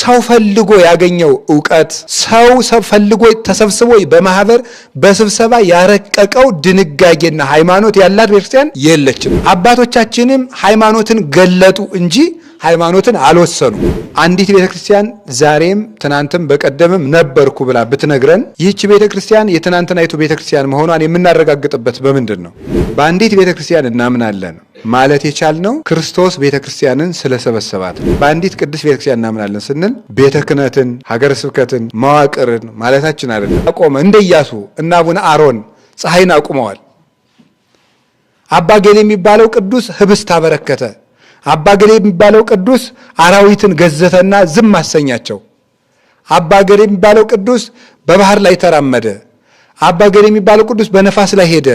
ሰው ፈልጎ ያገኘው እውቀት፣ ሰው ፈልጎ ተሰብስቦ በማህበር በስብሰባ ያረቀቀው ድንጋጌና ሃይማኖት ያላት ቤተክርስቲያን የለችም። አባቶቻችንም ሃይማኖትን ገለጡ እንጂ ሃይማኖትን አልወሰኑ። አንዲት ቤተክርስቲያን ዛሬም ትናንትም በቀደምም ነበርኩ ብላ ብትነግረን ይህች ቤተክርስቲያን የትናንትናይቱ ቤተክርስቲያን መሆኗን የምናረጋግጥበት በምንድን ነው? በአንዲት ቤተክርስቲያን እናምናለን ማለት የቻልነው ክርስቶስ ቤተክርስቲያንን ስለሰበሰባት። በአንዲት ቅድስት ክርስቲያን እናምናለን ስንል ቤተ ክህነትን፣ ሀገረ ስብከትን፣ መዋቅርን ማለታችን አይደለም። አቆመ እንደ ኢያሱ እና አቡነ አሮን ፀሐይን አቁመዋል። አባ ጌል የሚባለው ቅዱስ ህብስት አበረከተ። አባገሌ የሚባለው ቅዱስ አራዊትን ገዘተና ዝም አሰኛቸው። አባገሌ የሚባለው ቅዱስ በባህር ላይ ተራመደ። አባገሌ የሚባለው ቅዱስ በነፋስ ላይ ሄደ።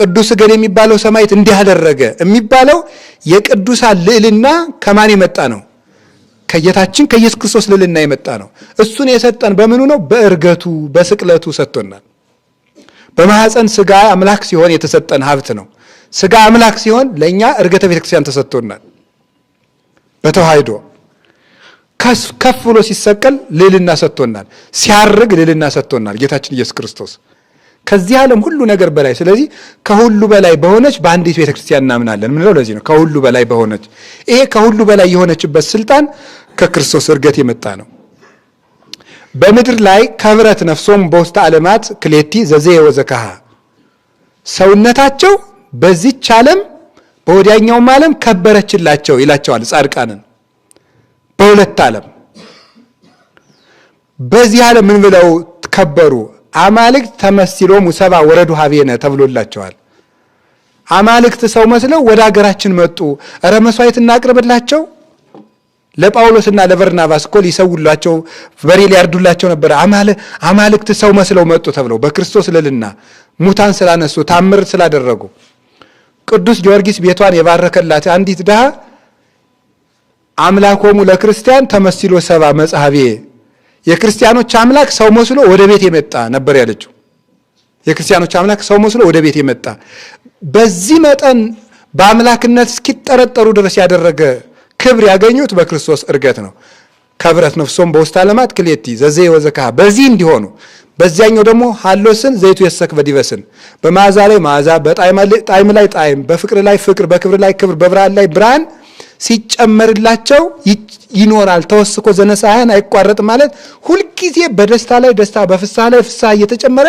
ቅዱስ ገሌ የሚባለው ሰማዕት እንዲህ አደረገ የሚባለው የቅዱሳን ልዕልና ከማን የመጣ ነው? ከጌታችን ከኢየሱስ ክርስቶስ ልዕልና የመጣ ነው። እሱን የሰጠን በምኑ ነው? በእርገቱ በስቅለቱ ሰጥቶናል። በማህፀን ስጋ አምላክ ሲሆን የተሰጠን ሀብት ነው። ስጋ አምላክ ሲሆን ለእኛ እርገተ ቤተክርስቲያን ተሰጥቶናል። በተዋህዶ ከፍ ብሎ ሲሰቀል ልዕልና ሰጥቶናል። ሲያርግ ልዕልና ሰጥቶናል ጌታችን ኢየሱስ ክርስቶስ ከዚህ ዓለም ሁሉ ነገር በላይ ስለዚህ ከሁሉ በላይ በሆነች በአንዲት ቤተክርስቲያን እናምናለን ምንለው ለዚህ ነው። ከሁሉ በላይ በሆነች ይሄ ከሁሉ በላይ የሆነችበት ስልጣን ከክርስቶስ እርገት የመጣ ነው። በምድር ላይ ከብረት ነፍሶም በውስጥ ዓለማት ክሌቲ ዘዘየ ወዘካሃ ሰውነታቸው በዚች ዓለም በወዲያኛውም ዓለም ከበረችላቸው ይላቸዋል ጻድቃንን። በሁለት ዓለም በዚህ ዓለም ምን ብለው ከበሩ? አማልክት ተመሲሎ ሙሰባ ወረዱ ሀቤነ ተብሎላቸዋል። አማልክት ሰው መስለው ወደ አገራችን መጡ፣ እረ መስዋዕት እናቅርብላቸው። ለጳውሎስና ለበርናባስ እኮ ሊሰውላቸው በሬ ሊያርዱላቸው ነበር። አማልክት ሰው መስለው መጡ ተብለው በክርስቶስ ልልና ሙታን ስላነሱ ታምር ስላደረጉ ቅዱስ ጊዮርጊስ ቤቷን የባረከላት አንዲት ድሃ አምላኮሙ ለክርስቲያን ተመስሎ ሰባ መጽሐቤ የክርስቲያኖች አምላክ ሰው መስሎ ወደ ቤት የመጣ ነበር ያለችው። የክርስቲያኖች አምላክ ሰው መስሎ ወደ ቤት የመጣ በዚህ መጠን በአምላክነት እስኪጠረጠሩ ድረስ ያደረገ ክብር ያገኙት በክርስቶስ እርገት ነው። ከብረት ነፍሶም በውስተ ዓለማት ክሌቲ ዘዘ ወዘካ በዚህ እንዲሆኑ በዚያኛው ደግሞ ሀሎስን ዘይቱ የሰክ በዲበስን በመዓዛ ላይ መዓዛ፣ በጣዕም ላይ ጣዕም፣ በፍቅር ላይ ፍቅር፣ በክብር ላይ ክብር፣ በብርሃን ላይ ብርሃን ሲጨመርላቸው ይኖራል። ተወስኮ ዘነሳህን አይቋረጥም ማለት ሁልጊዜ በደስታ ላይ ደስታ፣ በፍስሐ ላይ ፍስሐ እየተጨመረ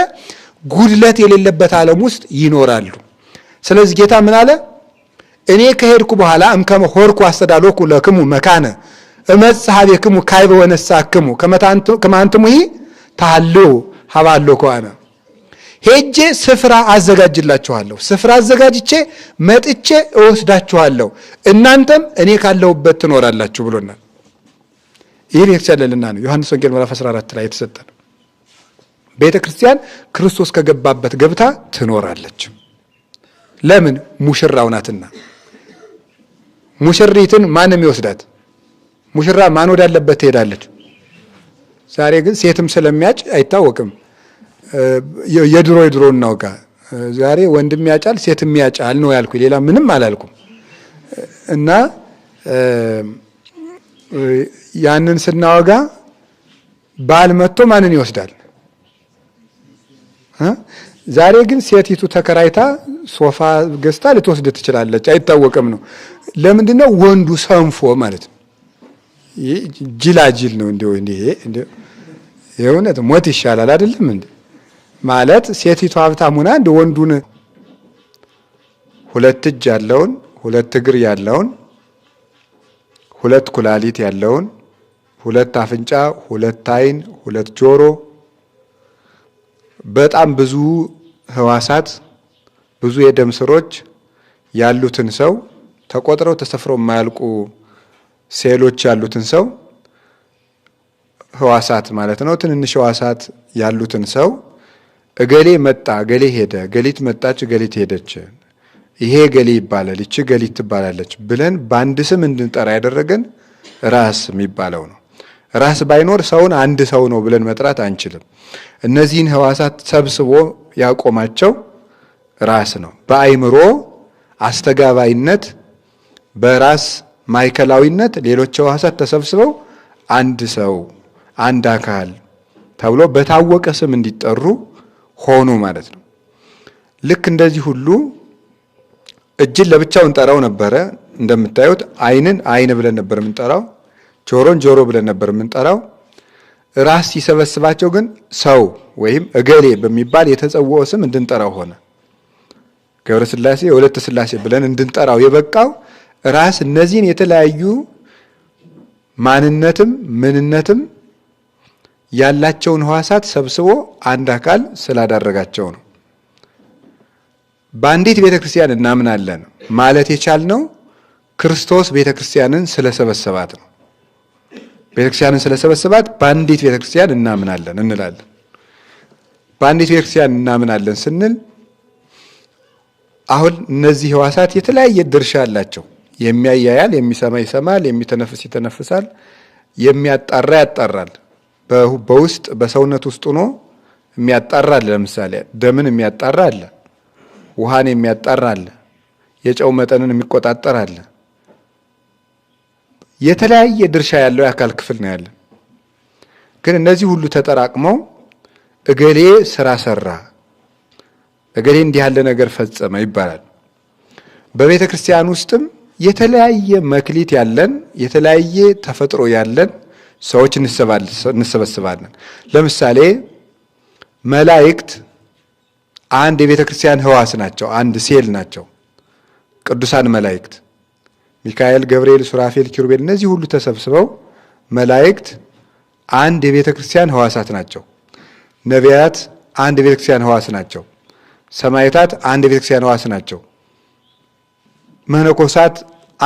ጉድለት የሌለበት ዓለም ውስጥ ይኖራሉ። ስለዚህ ጌታ ምን አለ? እኔ ከሄድኩ በኋላ እምከመ ሆርኩ አስተዳሎኩ ለክሙ መካነ እመጽእ ኀቤክሙ ካዕበ ወነሣእክሙ ከመ አንትሙ ሂ ተሐልዉ ሀባለሁ ከሆነ ሄጄ ስፍራ አዘጋጅላችኋለሁ። ስፍራ አዘጋጅቼ መጥቼ እወስዳችኋለሁ፣ እናንተም እኔ ካለሁበት ትኖራላችሁ ብሎናል። ይህ ቤተክርስቲያንልና ነው ዮሐንስ ወንጌል ምዕራፍ 14 ላይ የተሰጠ ነው። ቤተ ክርስቲያን ክርስቶስ ከገባበት ገብታ ትኖራለች። ለምን? ሙሽራው ናትና። ሙሽሪትን ማንም ይወስዳት? ሙሽራ ማን ወዳለበት ትሄዳለች። ዛሬ ግን ሴትም ስለሚያጭ አይታወቅም። የድሮ የድሮ እናውጋ። ዛሬ ወንድም ያጫል ሴትም ያጫል ነው ያልኩ፣ ሌላ ምንም አላልኩም። እና ያንን ስናወጋ ባል መጥቶ ማንን ይወስዳል? ዛሬ ግን ሴቲቱ ተከራይታ ሶፋ ገዝታ ልትወስድ ትችላለች፣ አይታወቅም ነው። ለምንድን ነው ወንዱ ሰንፎ ማለት ነው። ጅላጅል ነው እንዲሁ። ይሄ የእውነት ሞት ይሻላል አይደለም እንዴ? ማለት ሴቲቱ ሀብታም ሆና እንደ ወንዱን ሁለት እጅ ያለውን ሁለት እግር ያለውን ሁለት ኩላሊት ያለውን ሁለት አፍንጫ ሁለት አይን፣ ሁለት ጆሮ በጣም ብዙ ህዋሳት ብዙ የደም ስሮች ያሉትን ሰው ተቆጥረው ተሰፍረው የማያልቁ ሴሎች ያሉትን ሰው ህዋሳት ማለት ነው። ትንንሽ ህዋሳት ያሉትን ሰው እገሌ መጣ፣ እገሌ ሄደ፣ እገሊት መጣች፣ እገሊት ሄደች፣ ይሄ እገሌ ይባላል፣ ይቺ እገሊት ትባላለች ብለን በአንድ ስም እንድንጠራ ያደረገን ራስ የሚባለው ነው። ራስ ባይኖር ሰውን አንድ ሰው ነው ብለን መጥራት አንችልም። እነዚህን ህዋሳት ሰብስቦ ያቆማቸው ራስ ነው። በአይምሮ አስተጋባይነት፣ በራስ ማዕከላዊነት ሌሎች ህዋሳት ተሰብስበው አንድ ሰው አንድ አካል ተብሎ በታወቀ ስም እንዲጠሩ ሆኑ ማለት ነው። ልክ እንደዚህ ሁሉ እጅን ለብቻው እንጠራው ነበረ። እንደምታዩት አይንን አይን ብለን ነበር የምንጠራው፣ ጆሮን ጆሮ ብለን ነበር የምንጠራው። ራስ ሲሰበስባቸው ግን ሰው ወይም እገሌ በሚባል የተጸውዖ ስም እንድንጠራው ሆነ። ገብረ ስላሴ የሁለት ስላሴ ብለን እንድንጠራው የበቃው ራስ እነዚህን የተለያዩ ማንነትም ምንነትም ያላቸውን ህዋሳት ሰብስቦ አንድ አካል ስላዳረጋቸው ነው። በአንዲት ቤተ ክርስቲያን እናምናለን ማለት የቻልነው ክርስቶስ ቤተ ክርስቲያንን ስለሰበሰባት ነው። ቤተ ክርስቲያንን ስለሰበሰባት በአንዲት ቤተ ክርስቲያን እናምናለን እንላለን። በአንዲት ቤተ ክርስቲያን እናምናለን ስንል አሁን እነዚህ ህዋሳት የተለያየ ድርሻ አላቸው። የሚያያያል፣ የሚሰማ ይሰማል፣ የሚተነፍስ ይተነፍሳል፣ የሚያጣራ ያጣራል። በውስጥ በሰውነት ውስጥ ሆኖ የሚያጣራ አለ። ለምሳሌ ደምን የሚያጣራ አለ፣ ውሃን የሚያጣራ አለ፣ የጨው መጠንን የሚቆጣጠር አለ። የተለያየ ድርሻ ያለው የአካል ክፍል ነው ያለን። ግን እነዚህ ሁሉ ተጠራቅመው እገሌ ስራ ሰራ፣ እገሌ እንዲህ ያለ ነገር ፈጸመ ይባላል። በቤተ ክርስቲያን ውስጥም የተለያየ መክሊት ያለን የተለያየ ተፈጥሮ ያለን ሰዎች እንሰበስባለን። ለምሳሌ መላእክት አንድ የቤተ ክርስቲያን ህዋስ ናቸው፣ አንድ ሴል ናቸው። ቅዱሳን መላእክት ሚካኤል፣ ገብርኤል፣ ሱራፌል፣ ኪሩቤል እነዚህ ሁሉ ተሰብስበው መላእክት አንድ የቤተ ክርስቲያን ህዋሳት ናቸው። ነቢያት አንድ የቤተ ክርስቲያን ህዋስ ናቸው። ሰማዕታት አንድ የቤተ ክርስቲያን ህዋስ ናቸው። መነኮሳት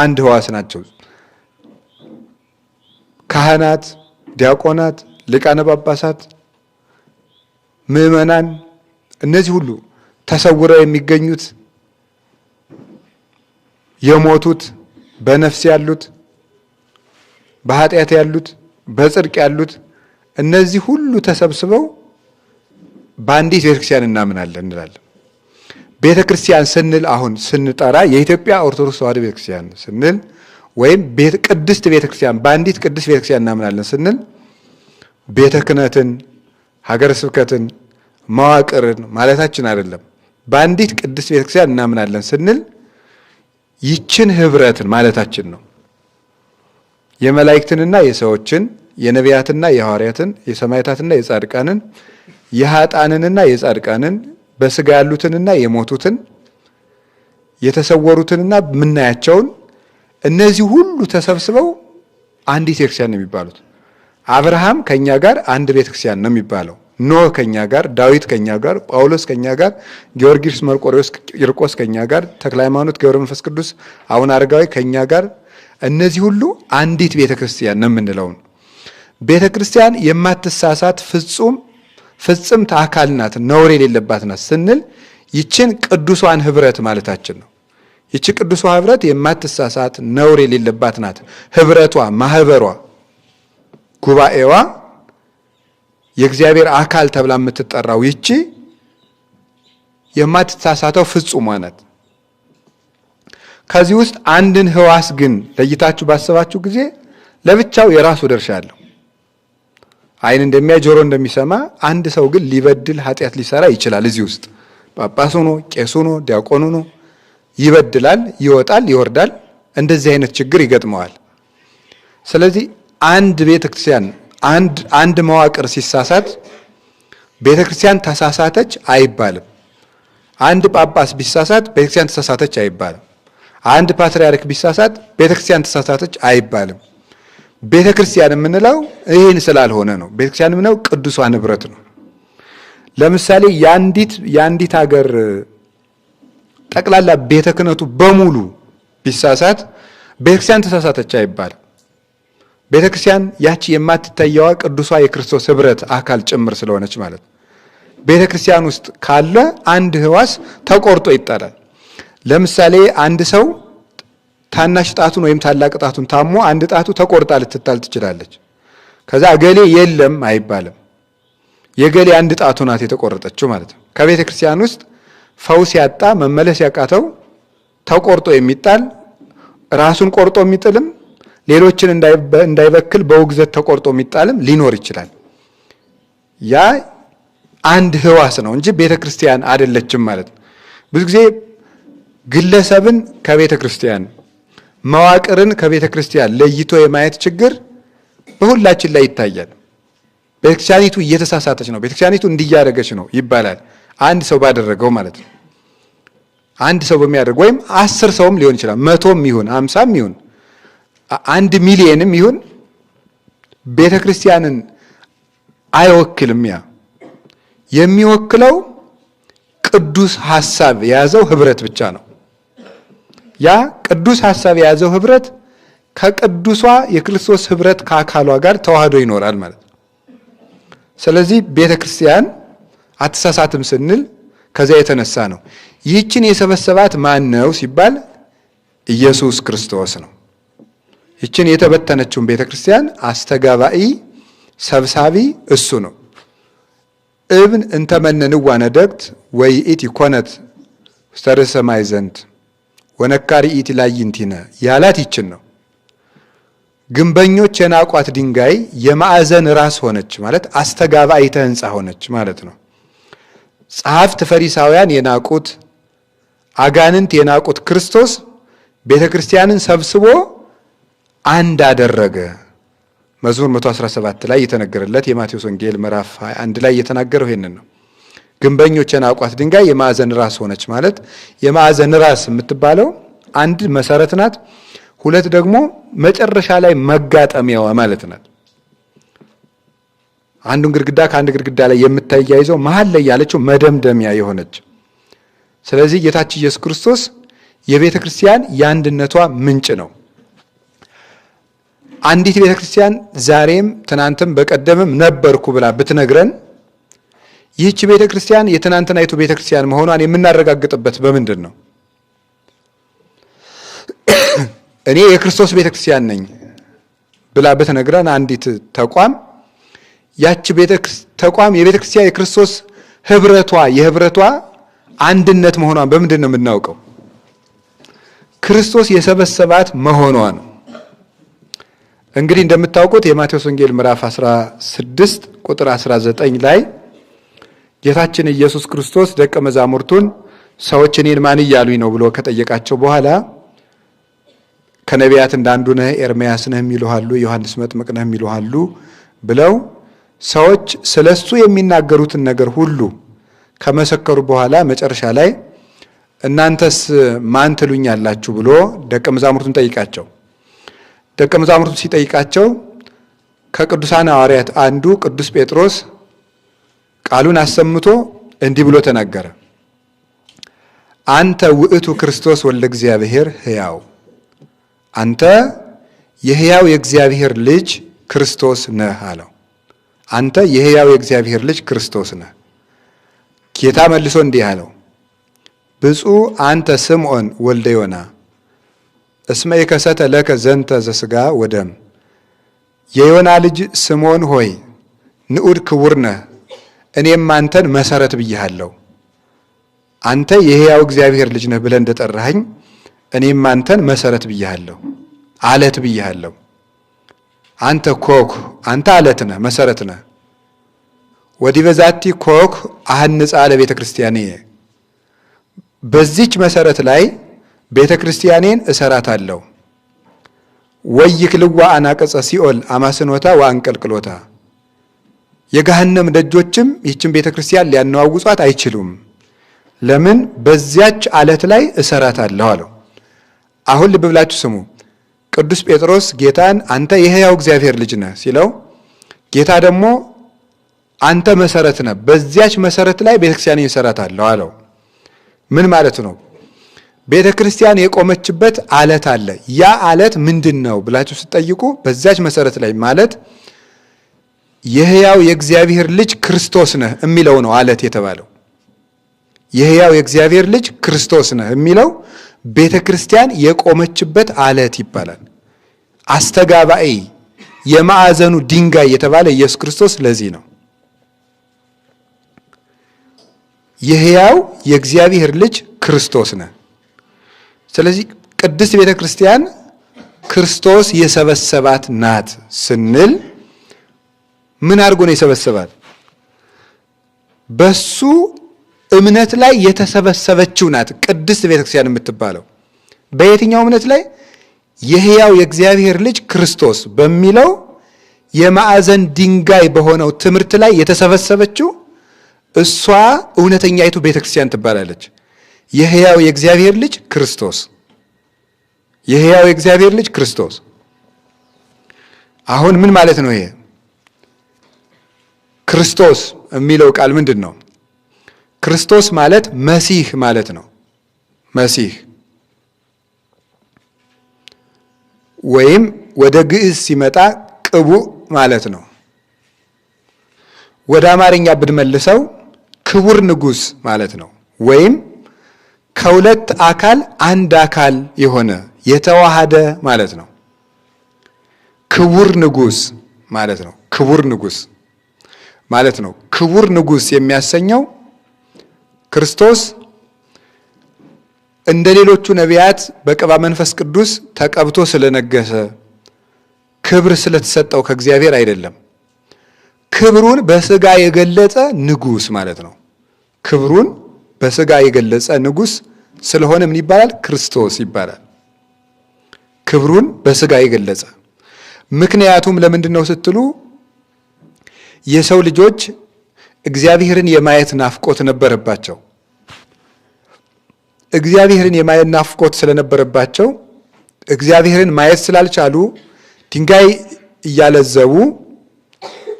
አንድ ህዋስ ናቸው። ካህናት፣ ዲያቆናት፣ ሊቃነ ጳጳሳት፣ ምእመናን እነዚህ ሁሉ ተሰውረው የሚገኙት የሞቱት በነፍስ ያሉት በኃጢአት ያሉት በጽድቅ ያሉት እነዚህ ሁሉ ተሰብስበው በአንዲት ቤተክርስቲያን እናምናለን እንላለን። ቤተክርስቲያን ስንል አሁን ስንጠራ የኢትዮጵያ ኦርቶዶክስ ተዋሕዶ ቤተክርስቲያን ስንል ወይም ቅድስት ቤተክርስቲያን በአንዲት ቅድስት ቤተክርስቲያን እናምናለን ስንል ቤተ ክህነትን፣ ሀገረ ስብከትን፣ መዋቅርን ማለታችን አይደለም። በአንዲት ቅድስት ክርስቲያን እናምናለን ስንል ይችን ህብረትን ማለታችን ነው። የመላእክትንና የሰዎችን የነቢያትና የሐዋርያትን የሰማዕታትና የጻድቃንን የሀጣንንና የጻድቃንን በስጋ ያሉትንና የሞቱትን የተሰወሩትንና ምናያቸውን እነዚህ ሁሉ ተሰብስበው አንዲት ቤተክርስቲያን ነው የሚባሉት። አብርሃም ከኛ ጋር አንድ ቤተክርስቲያን ነው የሚባለው። ኖህ ከኛ ጋር፣ ዳዊት ከኛ ጋር፣ ጳውሎስ ከኛ ጋር፣ ጊዮርጊስ መርቆሪዎስ ቂርቆስ ከኛ ጋር፣ ተክለ ሃይማኖት ገብረ መንፈስ ቅዱስ አቡነ አረጋዊ ከኛ ጋር። እነዚህ ሁሉ አንዲት ቤተክርስቲያን ነው የምንለው። ቤተክርስቲያን የማትሳሳት ፍጹም ፍጽምት አካል ናት፣ ነውር የሌለባት ናት ስንል ይችን ቅዱሷን ህብረት ማለታችን ነው። ይቺ ቅዱሷ ህብረት የማትሳሳት ነውር የሌለባት ናት። ህብረቷ፣ ማህበሯ፣ ጉባኤዋ የእግዚአብሔር አካል ተብላ የምትጠራው ይቺ የማትሳሳተው ፍጹሟ ናት። ከዚህ ውስጥ አንድን ህዋስ ግን ለይታችሁ ባሰባችሁ ጊዜ ለብቻው የራሱ ድርሻ አለው። አይን እንደሚያይ ጆሮ እንደሚሰማ፣ አንድ ሰው ግን ሊበድል ኃጢአት ሊሰራ ይችላል። እዚህ ውስጥ ጳጳስ ሆኖ፣ ቄስ ሆኖ፣ ዲያቆን ሆኖ ይበድላል፣ ይወጣል፣ ይወርዳል። እንደዚህ አይነት ችግር ይገጥመዋል። ስለዚህ አንድ ቤተክርስቲያን አንድ አንድ መዋቅር ሲሳሳት ቤተክርስቲያን ተሳሳተች አይባልም። አንድ ጳጳስ ቢሳሳት ቤተክርስቲያን ተሳሳተች አይባልም። አንድ ፓትርያርክ ቢሳሳት ቤተክርስቲያን ተሳሳተች አይባልም። ቤተክርስቲያን የምንለው ይህን ስላልሆነ ነው። ቤተክርስቲያን የምንለው ቅዱሷ ንብረት ነው። ለምሳሌ የአንዲት የአንዲት ሀገር ጠቅላላ ቤተ ክህነቱ በሙሉ ቢሳሳት ቤተክርስቲያን ተሳሳተች አይባልም። ቤተክርስቲያን ያቺ የማትታየዋ ቅዱሷ የክርስቶስ ህብረት አካል ጭምር ስለሆነች ማለት ነው። ውስጥ ካለ አንድ ህዋስ ተቆርጦ ይጣላል። ለምሳሌ አንድ ሰው ታናሽ ጣቱን ወይም ታላቅ ጣቱን ታሞ አንድ ጣቱ ተቆርጣ ልትጣል ትችላለች። ከዛ እገሌ የለም አይባልም። የገሌ አንድ ጣቱ ናት የተቆረጠችው ማለት ነው። ከቤተ ክርስቲያን ውስጥ ፈውስ ያጣ መመለስ ያቃተው ተቆርጦ የሚጣል ራሱን ቆርጦ የሚጥልም ሌሎችን እንዳይበክል በውግዘት ተቆርጦ የሚጣልም ሊኖር ይችላል። ያ አንድ ህዋስ ነው እንጂ ቤተ ክርስቲያን አይደለችም ማለት ነው። ብዙ ጊዜ ግለሰብን ከቤተ ክርስቲያን መዋቅርን ከቤተ ክርስቲያን ለይቶ የማየት ችግር በሁላችን ላይ ይታያል። ቤተክርስቲያኒቱ እየተሳሳተች ነው፣ ቤተክርስቲያኒቱ እንዲያደረገች ነው ይባላል። አንድ ሰው ባደረገው ማለት ነው። አንድ ሰው በሚያደርገው ወይም አስር ሰውም ሊሆን ይችላል። መቶም ይሁን አምሳም ይሁን አንድ ሚሊየንም ይሁን ቤተ ክርስቲያንን አይወክልም። ያ የሚወክለው ቅዱስ ሐሳብ የያዘው ህብረት ብቻ ነው። ያ ቅዱስ ሐሳብ የያዘው ህብረት ከቅዱሷ የክርስቶስ ህብረት ከአካሏ ጋር ተዋህዶ ይኖራል ማለት ነው። ስለዚህ ቤተ ክርስቲያን አትሳሳትም ስንል ከዚያ የተነሳ ነው። ይህችን የሰበሰባት ማን ነው ሲባል ኢየሱስ ክርስቶስ ነው። ይችን የተበተነችውን ቤተ ክርስቲያን አስተጋባኢ ሰብሳቢ እሱ ነው። እብን እንተመነንዋ ነደግት ኢት ኮነት ውስተ ርእሰ ሰማይ ዘንድ ወነካሪ ኢት ላይንቲነ ያላት ይችን ነው። ግንበኞች የናቋት ድንጋይ የማዕዘን ራስ ሆነች ማለት አስተጋባኢተ ሕንፃ ሆነች ማለት ነው። ጸሐፍት ፈሪሳውያን የናቁት አጋንንት የናቁት ክርስቶስ ቤተ ክርስቲያንን ሰብስቦ አንድ አደረገ። መዝሙር 117 ላይ የተነገረለት የማቴዎስ ወንጌል ምዕራፍ 21 ላይ እየተናገረው ይሄንን ነው። ግንበኞች የናቋት ድንጋይ የማዕዘን ራስ ሆነች። ማለት የማዕዘን ራስ የምትባለው አንድ መሰረት ናት፣ ሁለት ደግሞ መጨረሻ ላይ መጋጠሚያዋ ማለት ናት። አንዱን ግድግዳ ከአንድ ግድግዳ ላይ የምታያይዘው መሀል ላይ ያለችው መደምደሚያ የሆነች ስለዚህ ጌታችን ኢየሱስ ክርስቶስ የቤተ ክርስቲያን የአንድነቷ ምንጭ ነው። አንዲት ቤተ ክርስቲያን ዛሬም ትናንትም በቀደምም ነበርኩ ብላ ብትነግረን ይህች ቤተ ክርስቲያን የትናንትናይቱ ቤተ ክርስቲያን መሆኗን የምናረጋግጥበት በምንድን ነው? እኔ የክርስቶስ ቤተ ክርስቲያን ነኝ ብላ ብትነግረን አንዲት ተቋም ያቺ ተቋም የቤተ ክርስቲያን የክርስቶስ ህብረቷ የህብረቷ አንድነት መሆኗን በምንድን ነው የምናውቀው? ክርስቶስ የሰበሰባት መሆኗ ነው። እንግዲህ እንደምታውቁት የማቴዎስ ወንጌል ምዕራፍ 16 ቁጥር 19 ላይ ጌታችን ኢየሱስ ክርስቶስ ደቀ መዛሙርቱን ሰዎች እኔን ማን እያሉኝ ነው ብሎ ከጠየቃቸው በኋላ ከነቢያት እንዳንዱ ነህ፣ ኤርምያስ ነህ የሚሉሃሉ፣ ዮሐንስ መጥምቅ ነህ የሚሉሃሉ ብለው ሰዎች ስለ እሱ የሚናገሩትን ነገር ሁሉ ከመሰከሩ በኋላ መጨረሻ ላይ እናንተስ ማን ትሉኛላችሁ ብሎ ደቀ መዛሙርቱን ጠይቃቸው። ደቀ መዛሙርቱ ሲጠይቃቸው ከቅዱሳን ሐዋርያት አንዱ ቅዱስ ጴጥሮስ ቃሉን አሰምቶ እንዲህ ብሎ ተናገረ። አንተ ውእቱ ክርስቶስ ወልደ እግዚአብሔር ሕያው፣ አንተ የሕያው የእግዚአብሔር ልጅ ክርስቶስ ነህ አለው። አንተ የሕያው የእግዚአብሔር ልጅ ክርስቶስ ነህ። ጌታ መልሶ እንዲህ አለው፣ ብፁዕ አንተ ስምዖን ወልደ ዮና እስመ ከሰተ ለከ ዘንተ ዘሥጋ ወደም፣ የዮና ልጅ ስምዖን ሆይ ንዑድ ክቡር ነህ፣ እኔም አንተን መሰረት ብያሃለሁ። አንተ የሕያው እግዚአብሔር ልጅ ነህ ብለህ እንደጠራኸኝ እኔም አንተን መሰረት ብያሃለሁ፣ አለት ብያሃለሁ። አንተ ኮክ አንተ አለት ነህ መሰረት ነህ። ወዲበ በዛቲ ኮክ አህንጻ ለቤተ ክርስቲያንየ በዚች መሰረት ላይ ቤተ ክርስቲያኔን እሰራታለሁ። ወይክልዋ አናቀጸ ሲኦል አማስኖታ ወአንቀልቅሎታ የገሃነም ደጆችም ይህችን ቤተ ክርስቲያን ሊያነዋውጿት አይችሉም። ለምን? በዚያች አለት ላይ እሰራታለሁ አለው። አሁን ልብ ብላችሁ ስሙ። ቅዱስ ጴጥሮስ ጌታን አንተ የሕያው እግዚአብሔር ልጅ ነህ ሲለው ጌታ ደግሞ አንተ መሰረት ነህ፣ በዚያች መሰረት ላይ ቤተክርስቲያን እሰራታለሁ አለው። ምን ማለት ነው? ቤተ ክርስቲያን የቆመችበት አለት አለ። ያ አለት ምንድን ነው ብላችሁ ስትጠይቁ በዚያች መሰረት ላይ ማለት የሕያው የእግዚአብሔር ልጅ ክርስቶስ ነህ የሚለው ነው አለት የተባለው። የሕያው የእግዚአብሔር ልጅ ክርስቶስ ነህ የሚለው ቤተ ክርስቲያን የቆመችበት አለት ይባላል። አስተጋባኤ የማዕዘኑ ድንጋይ የተባለ ኢየሱስ ክርስቶስ ለዚህ ነው የሕያው የእግዚአብሔር ልጅ ክርስቶስ ነህ። ስለዚህ ቅድስት ቤተ ክርስቲያን ክርስቶስ የሰበሰባት ናት ስንል ምን አድርጎ ነው የሰበሰባት? በሱ እምነት ላይ የተሰበሰበችው ናት ቅድስት ቤተ ክርስቲያን የምትባለው። በየትኛው እምነት ላይ? የሕያው የእግዚአብሔር ልጅ ክርስቶስ በሚለው የማዕዘን ድንጋይ በሆነው ትምህርት ላይ የተሰበሰበችው እሷ እውነተኛይቱ ቤተ ክርስቲያን ትባላለች። የሕያው የእግዚአብሔር ልጅ ክርስቶስ የሕያው የእግዚአብሔር ልጅ ክርስቶስ። አሁን ምን ማለት ነው ይሄ ክርስቶስ የሚለው ቃል ምንድን ነው? ክርስቶስ ማለት መሲህ ማለት ነው። መሲህ ወይም ወደ ግዕዝ ሲመጣ ቅቡ ማለት ነው። ወደ አማርኛ ብንመልሰው ክቡር ንጉሥ ማለት ነው። ወይም ከሁለት አካል አንድ አካል የሆነ የተዋሃደ ማለት ነው። ክቡር ንጉሥ ማለት ነው። ክቡር ንጉሥ ማለት ነው። ክቡር ንጉሥ የሚያሰኘው ክርስቶስ እንደ ሌሎቹ ነቢያት በቅባ መንፈስ ቅዱስ ተቀብቶ ስለነገሰ ክብር ስለተሰጠው ከእግዚአብሔር አይደለም። ክብሩን በስጋ የገለጸ ንጉስ ማለት ነው። ክብሩን በስጋ የገለጸ ንጉስ ስለሆነ ምን ይባላል? ክርስቶስ ይባላል። ክብሩን በስጋ የገለጸ ምክንያቱም ለምንድን ነው ስትሉ የሰው ልጆች እግዚአብሔርን የማየት ናፍቆት ነበረባቸው። እግዚአብሔርን የማየት ናፍቆት ስለነበረባቸው እግዚአብሔርን ማየት ስላልቻሉ ድንጋይ እያለዘቡ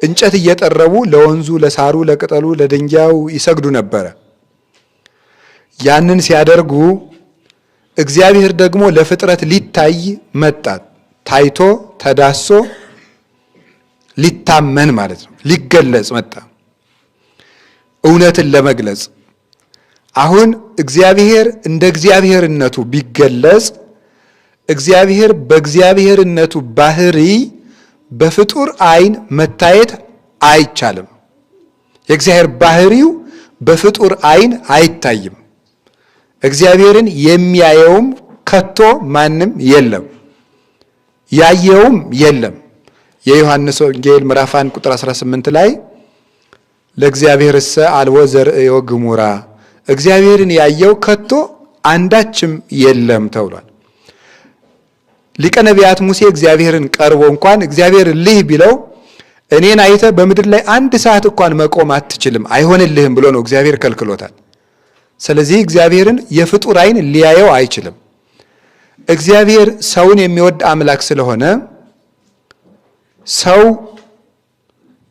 እንጨት እየጠረቡ ለወንዙ፣ ለሳሩ፣ ለቅጠሉ፣ ለድንጋዩ ይሰግዱ ነበረ። ያንን ሲያደርጉ እግዚአብሔር ደግሞ ለፍጥረት ሊታይ መጣ። ታይቶ ተዳሶ ሊታመን ማለት ነው፣ ሊገለጽ መጣ እውነትን ለመግለጽ አሁን እግዚአብሔር እንደ እግዚአብሔርነቱ ቢገለጽ እግዚአብሔር በእግዚአብሔርነቱ ባህሪ በፍጡር አይን መታየት አይቻልም። የእግዚአብሔር ባህሪው በፍጡር አይን አይታይም። እግዚአብሔርን የሚያየውም ከቶ ማንም የለም፣ ያየውም የለም። የዮሐንስ ወንጌል ምዕራፍ 1 ቁጥር 18 ላይ ለእግዚአብሔርሰ አልቦ ዘርእዮ ግሙራ እግዚአብሔርን ያየው ከቶ አንዳችም የለም ተብሏል። ሊቀ ነቢያት ሙሴ እግዚአብሔርን ቀርቦ እንኳን እግዚአብሔር ልህ ቢለው እኔን አይተ በምድር ላይ አንድ ሰዓት እንኳን መቆም አትችልም አይሆንልህም ብሎ ነው እግዚአብሔር ከልክሎታል። ስለዚህ እግዚአብሔርን የፍጡር አይን ሊያየው አይችልም። እግዚአብሔር ሰውን የሚወድ አምላክ ስለሆነ ሰው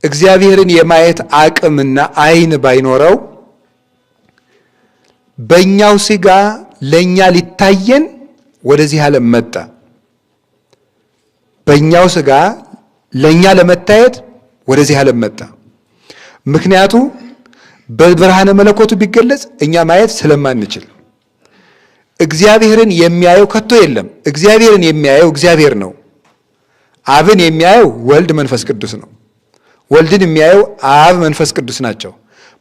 እግዚአብሔርን የማየት አቅምና አይን ባይኖረው በእኛው ስጋ ለእኛ ሊታየን ወደዚህ ዓለም መጣ። በእኛው ስጋ ለእኛ ለመታየት ወደዚህ ዓለም መጣ። ምክንያቱ በብርሃነ መለኮቱ ቢገለጽ እኛ ማየት ስለማንችል እግዚአብሔርን የሚያየው ከቶ የለም። እግዚአብሔርን የሚያየው እግዚአብሔር ነው። አብን የሚያየው ወልድ መንፈስ ቅዱስ ነው። ወልድን የሚያየው አብ መንፈስ ቅዱስ ናቸው።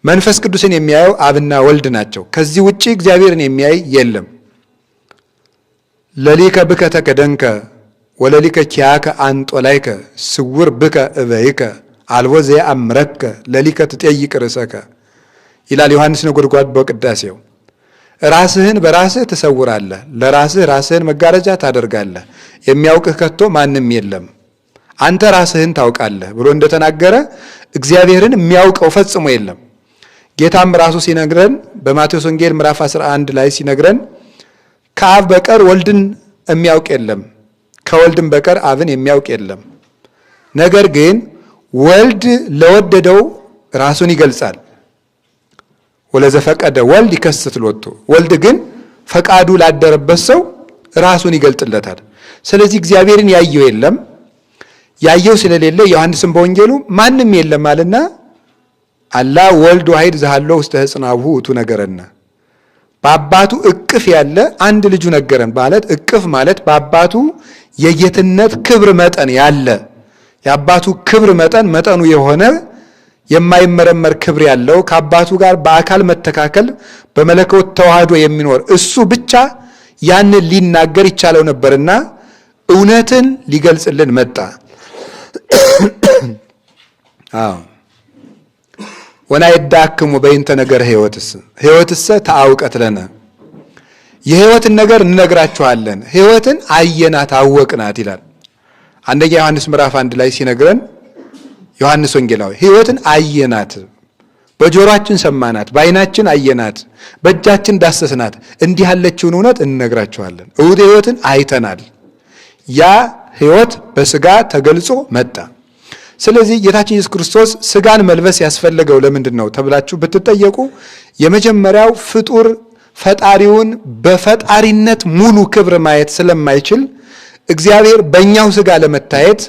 መንፈስ ቅዱስን የሚያየው አብና ወልድ ናቸው። ከዚህ ውጭ እግዚአብሔርን የሚያይ የለም። ለሊከ ብከተ ከደንከ ወለሊከ ኪያከ አንጦላይከ ስውር ብከ እበይከ አልቦ አምረከ ለሊከ ትጠይቅ ርእሰከ ይላል ዮሐንስ ነጎድጓድ በቅዳሴው። ራስህን በራስህ ትሰውራለህ፣ ለራስህ ራስህን መጋረጃ ታደርጋለህ፣ የሚያውቅህ ከቶ ማንም የለም፣ አንተ ራስህን ታውቃለህ ብሎ እንደተናገረ እግዚአብሔርን የሚያውቀው ፈጽሞ የለም። ጌታም ራሱ ሲነግረን በማቴዎስ ወንጌል ምዕራፍ 11 ላይ ሲነግረን ከአብ በቀር ወልድን የሚያውቅ የለም፣ ከወልድም በቀር አብን የሚያውቅ የለም። ነገር ግን ወልድ ለወደደው ራሱን ይገልጻል። ወለዘፈቀደ ወልድ ይከስት ሎቱ። ወልድ ግን ፈቃዱ ላደረበት ሰው ራሱን ይገልጥለታል። ስለዚህ እግዚአብሔርን ያየው የለም። ያየው ስለሌለ ዮሐንስም በወንጌሉ ማንም የለም አለና አላ ወልድ ዋሂድ ዝሃሎ ውስተ ህፅናብሁ ውእቱ ነገረነ። በአባቱ እቅፍ ያለ አንድ ልጁ ነገረን ማለት እቅፍ ማለት በአባቱ የጌትነት ክብር መጠን ያለ የአባቱ ክብር መጠን መጠኑ የሆነ የማይመረመር ክብር ያለው ከአባቱ ጋር በአካል መተካከል በመለኮት ተዋህዶ የሚኖር እሱ ብቻ ያንን ሊናገር ይቻለው ነበርና እውነትን ሊገልጽልን መጣ። አዎ ወናይዳክሙ በይንተ ነገር ህይወትስ ሕይወትሰ ተአውቀት ለነ የሕይወትን ነገር እንነግራችኋለን። ህይወትን አየናት አወቅናት ይላል አንደኛ ዮሐንስ ምዕራፍ አንድ ላይ ሲነግረን ዮሐንስ ወንጌላዊ ህይወትን አየናት፣ በጆሮአችን ሰማናት፣ በዓይናችን አየናት፣ በእጃችን ዳሰስናት፣ እንዲህ ያለችውን እውነት እንነግራችኋለን። እውድ ሕይወትን አይተናል። ያ ህይወት በስጋ ተገልጾ መጣ። ስለዚህ ጌታችን ኢየሱስ ክርስቶስ ስጋን መልበስ ያስፈለገው ለምንድን ነው ተብላችሁ ብትጠየቁ የመጀመሪያው ፍጡር ፈጣሪውን በፈጣሪነት ሙሉ ክብር ማየት ስለማይችል እግዚአብሔር በእኛው ስጋ ለመታየት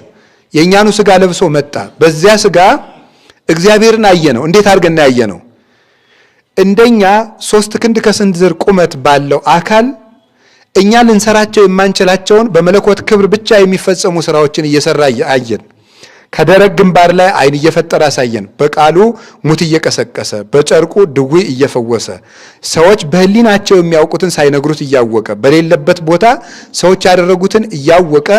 የእኛኑ ስጋ ለብሶ መጣ። በዚያ ስጋ እግዚአብሔርን ነው። እንዴት አድርገን ነው? እንደኛ ሶስት ክንድ ከስንዝር ቁመት ባለው አካል እኛ ልንሰራቸው የማንችላቸውን በመለኮት ክብር ብቻ የሚፈጸሙ ስራዎችን እየሰራ አየን። ከደረቅ ግንባር ላይ ዓይን እየፈጠረ ያሳየን፣ በቃሉ ሙት እየቀሰቀሰ በጨርቁ ድዌ እየፈወሰ ሰዎች በህሊናቸው የሚያውቁትን ሳይነግሩት እያወቀ በሌለበት ቦታ ሰዎች ያደረጉትን እያወቀ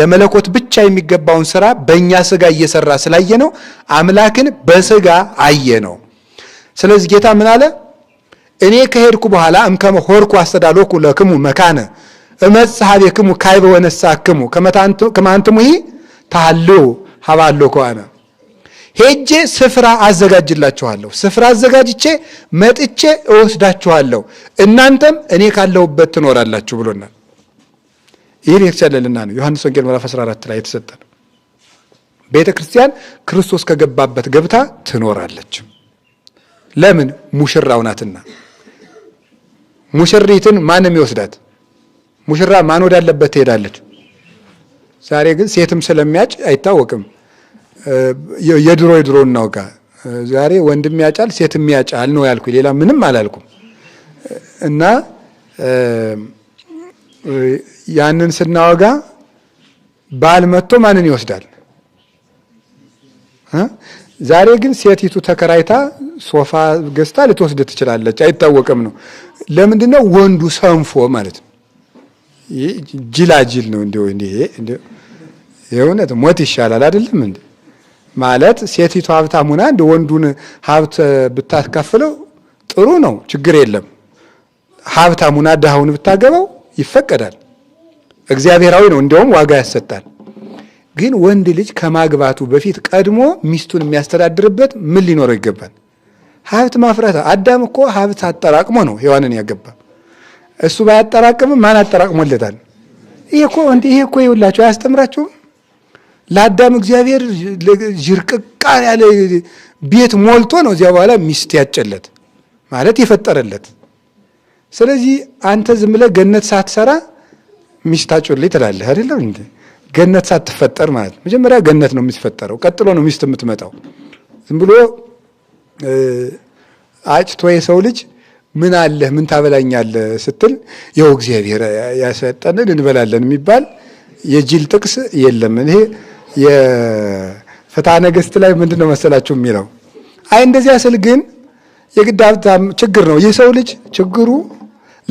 ለመለኮት ብቻ የሚገባውን ስራ በእኛ ስጋ እየሰራ ስላየ ነው። አምላክን በስጋ አየ ነው። ስለዚህ ጌታ ምን አለ? እኔ ከሄድኩ በኋላ እምከመ ሆርኩ አስተዳሎኩ ለክሙ መካነ እመጽእ ካይበ ካዕበ ወነሣእክሙ ከመ አንትሙ ተሐልዉ ሀባለሁ ከሆነ ሄጄ ስፍራ አዘጋጅላችኋለሁ። ስፍራ አዘጋጅቼ መጥቼ እወስዳችኋለሁ፣ እናንተም እኔ ካለሁበት ትኖራላችሁ ብሎናል። ይህ ቤተክርስቲያንልና ነው ዮሐንስ ወንጌል ምዕራፍ 14 ላይ የተሰጠ ነው። ቤተ ክርስቲያን ክርስቶስ ከገባበት ገብታ ትኖራለች። ለምን? ሙሽራው ናትና። ሙሽሪትን ማንም ይወስዳት? ሙሽራ ማን ወዳለበት ትሄዳለች። ዛሬ ግን ሴትም ስለሚያጭ አይታወቅም። የድሮ የድሮ እናውጋ። ዛሬ ወንድም ያጫል ሴትም ያጫል ነው ያልኩ፣ ሌላ ምንም አላልኩም። እና ያንን ስናወጋ ባል መጥቶ ማንን ይወስዳል? ዛሬ ግን ሴቲቱ ተከራይታ ሶፋ ገዝታ ልትወስድ ትችላለች፣ አይታወቅም ነው። ለምንድን ነው ወንዱ ሰንፎ ማለት ነው። ጅላጅል ነው። እንዲሁ የእውነት ሞት ይሻላል አይደለም እንዴ? ማለት ሴቲቱ ሀብታም ሆና እንደ ወንዱን ሀብት ብታካፍለው ጥሩ ነው፣ ችግር የለም። ሀብታም ሆና ድሃውን ብታገባው ይፈቀዳል፣ እግዚአብሔራዊ ነው፣ እንዲያውም ዋጋ ያሰጣል። ግን ወንድ ልጅ ከማግባቱ በፊት ቀድሞ ሚስቱን የሚያስተዳድርበት ምን ሊኖረው ይገባል? ሀብት ማፍራት። አዳም እኮ ሀብት አጠራቅሞ ነው ሔዋንን ያገባ። እሱ ባያጠራቅምም ማን አጠራቅሞለታል? ይሄ እኮ ይሄ እኮ ይውላቸው አያስተምራችሁም? ለአዳም እግዚአብሔር ዥርቅቃ ያለ ቤት ሞልቶ ነው እዚያ በኋላ ሚስት ያጨለት ማለት የፈጠረለት። ስለዚህ አንተ ዝም ብለህ ገነት ሳትሰራ ሚስት አጩልኝ ትላለህ አይደለም እንዴ? ገነት ሳትፈጠር ማለት መጀመሪያ ገነት ነው የሚፈጠረው፣ ቀጥሎ ነው ሚስት የምትመጣው። ዝም ብሎ አጭቶ የሰው ልጅ ምን አለህ ምን ታበላኛለህ ስትል ይኸው እግዚአብሔር ያሰጠንን እንበላለን የሚባል የጅል ጥቅስ የለም። ይሄ የፍትሐ ነገሥት ላይ ምንድን ነው መሰላችሁ የሚለው አይ እንደዚያ ስል ግን የግድ ሀብታም ችግር ነው። ይህ ሰው ልጅ ችግሩ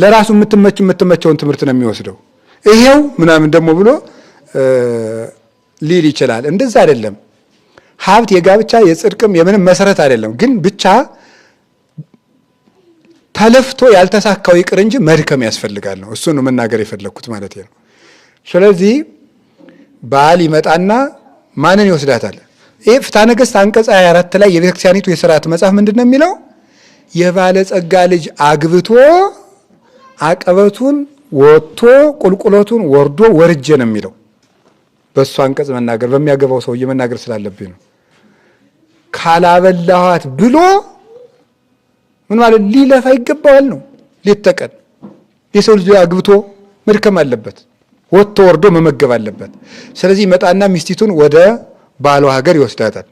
ለራሱ የምትመች የምትመቸውን ትምህርት ነው የሚወስደው ይሄው ምናምን ደግሞ ብሎ ሊል ይችላል። እንደዛ አይደለም። ሀብት የጋብቻ የጽድቅም የምንም መሰረት አይደለም። ግን ብቻ ተለፍቶ ያልተሳካው ይቅር እንጂ መድከም ያስፈልጋል ነው። እሱን ነው መናገር የፈለግኩት ማለት ነው። ስለዚህ በዓል ይመጣና ማንን ይወስዳታል? ይህ ፍትሐ ነገሥት አንቀጽ 24 ላይ የቤተክርስቲያኒቱ የስርዓት መጽሐፍ ምንድን ነው የሚለው? የባለጸጋ ልጅ አግብቶ አቀበቱን ወጥቶ ቁልቁሎቱን ወርዶ ወርጄ ነው የሚለው። በእሱ አንቀጽ መናገር በሚያገባው ሰውዬ መናገር ስላለብኝ ነው። ካላበላኋት ብሎ ምን ማለት ሊለፋ ይገባዋል ነው። ሌት የሰው ልጅ አግብቶ መድከም አለበት። ወጥቶ ወርዶ መመገብ አለበት። ስለዚህ መጣና ሚስቲቱን ወደ ባሏ ሀገር ይወስዳታል።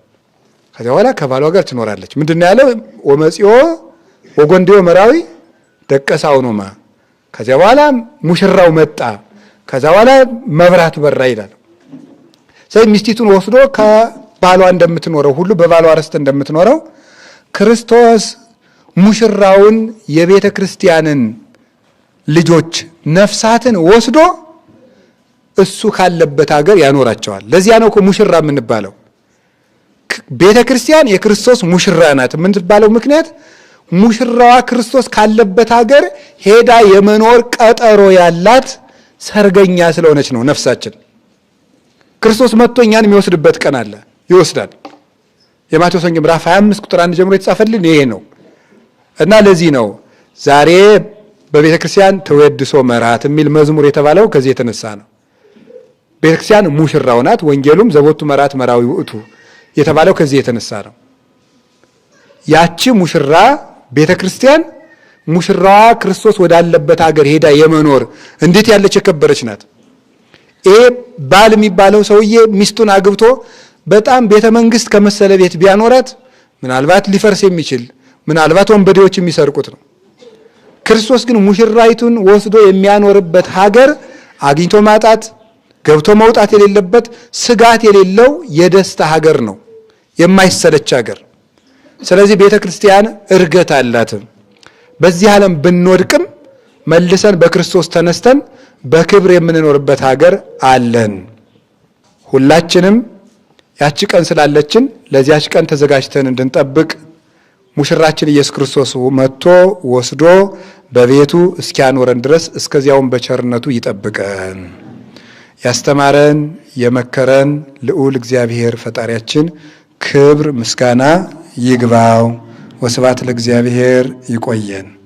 ከዚያ በኋላ ከባሏ ጋር ትኖራለች። ምንድነው ያለው? ወመጽዮ ወጎንዴዮ መራዊ ደቀሳው ነው ማ ከዚያ በኋላ ሙሽራው መጣ፣ ከዛ በኋላ መብራት በራ ይላል። ስለዚህ ሚስቲቱን ወስዶ ከባሏ እንደምትኖረው ሁሉ በባሏ ርስት እንደምትኖረው ክርስቶስ ሙሽራውን የቤተ ክርስቲያንን ልጆች ነፍሳትን ወስዶ እሱ ካለበት ሀገር ያኖራቸዋል። ለዚያ ነው ሙሽራ የምንባለው። ቤተ ክርስቲያን የክርስቶስ ሙሽራ ናት የምንባለው ምክንያት ሙሽራዋ ክርስቶስ ካለበት ሀገር ሄዳ የመኖር ቀጠሮ ያላት ሰርገኛ ስለሆነች ነው። ነፍሳችን ክርስቶስ መጥቶ እኛን የሚወስድበት ቀን አለ፣ ይወስዳል። የማቴዎስ ወንጌል ምዕራፍ 25 ቁጥር 1 ጀምሮ የተጻፈልን ይሄ ነው እና ለዚህ ነው ዛሬ በቤተ ክርስቲያን ተወድሶ መርሃት የሚል መዝሙር የተባለው ከዚህ የተነሳ ነው። ቤተክርስቲያን ሙሽራው ናት። ወንጌሉም ዘቦቱ መራት መራዊ ውእቱ የተባለው ከዚህ የተነሳ ነው። ያቺ ሙሽራ ቤተክርስቲያን ሙሽራዋ ክርስቶስ ወዳለበት ሀገር ሄዳ የመኖር እንዴት ያለች የከበረች ናት። ይሄ ባል የሚባለው ሰውዬ ሚስቱን አግብቶ በጣም ቤተ መንግስት ከመሰለ ቤት ቢያኖራት ምናልባት ሊፈርስ የሚችል ምናልባት ወንበዴዎች የሚሰርቁት ነው። ክርስቶስ ግን ሙሽራይቱን ወስዶ የሚያኖርበት ሀገር አግኝቶ ማጣት ገብቶ መውጣት የሌለበት ስጋት የሌለው የደስታ ሀገር ነው፣ የማይሰለች ሀገር። ስለዚህ ቤተ ክርስቲያን እርገት አላትም። በዚህ ዓለም ብንወድቅም መልሰን በክርስቶስ ተነስተን በክብር የምንኖርበት ሀገር አለን። ሁላችንም ያቺ ቀን ስላለችን ለዚያች ቀን ተዘጋጅተን እንድንጠብቅ ሙሽራችን ኢየሱስ ክርስቶስ መጥቶ ወስዶ በቤቱ እስኪያኖረን ድረስ እስከዚያውም በቸርነቱ ይጠብቀን። ያስተማረን የመከረን ልዑል እግዚአብሔር ፈጣሪያችን ክብር ምስጋና ይግባው። ወስብሐት ለእግዚአብሔር። ይቆየን።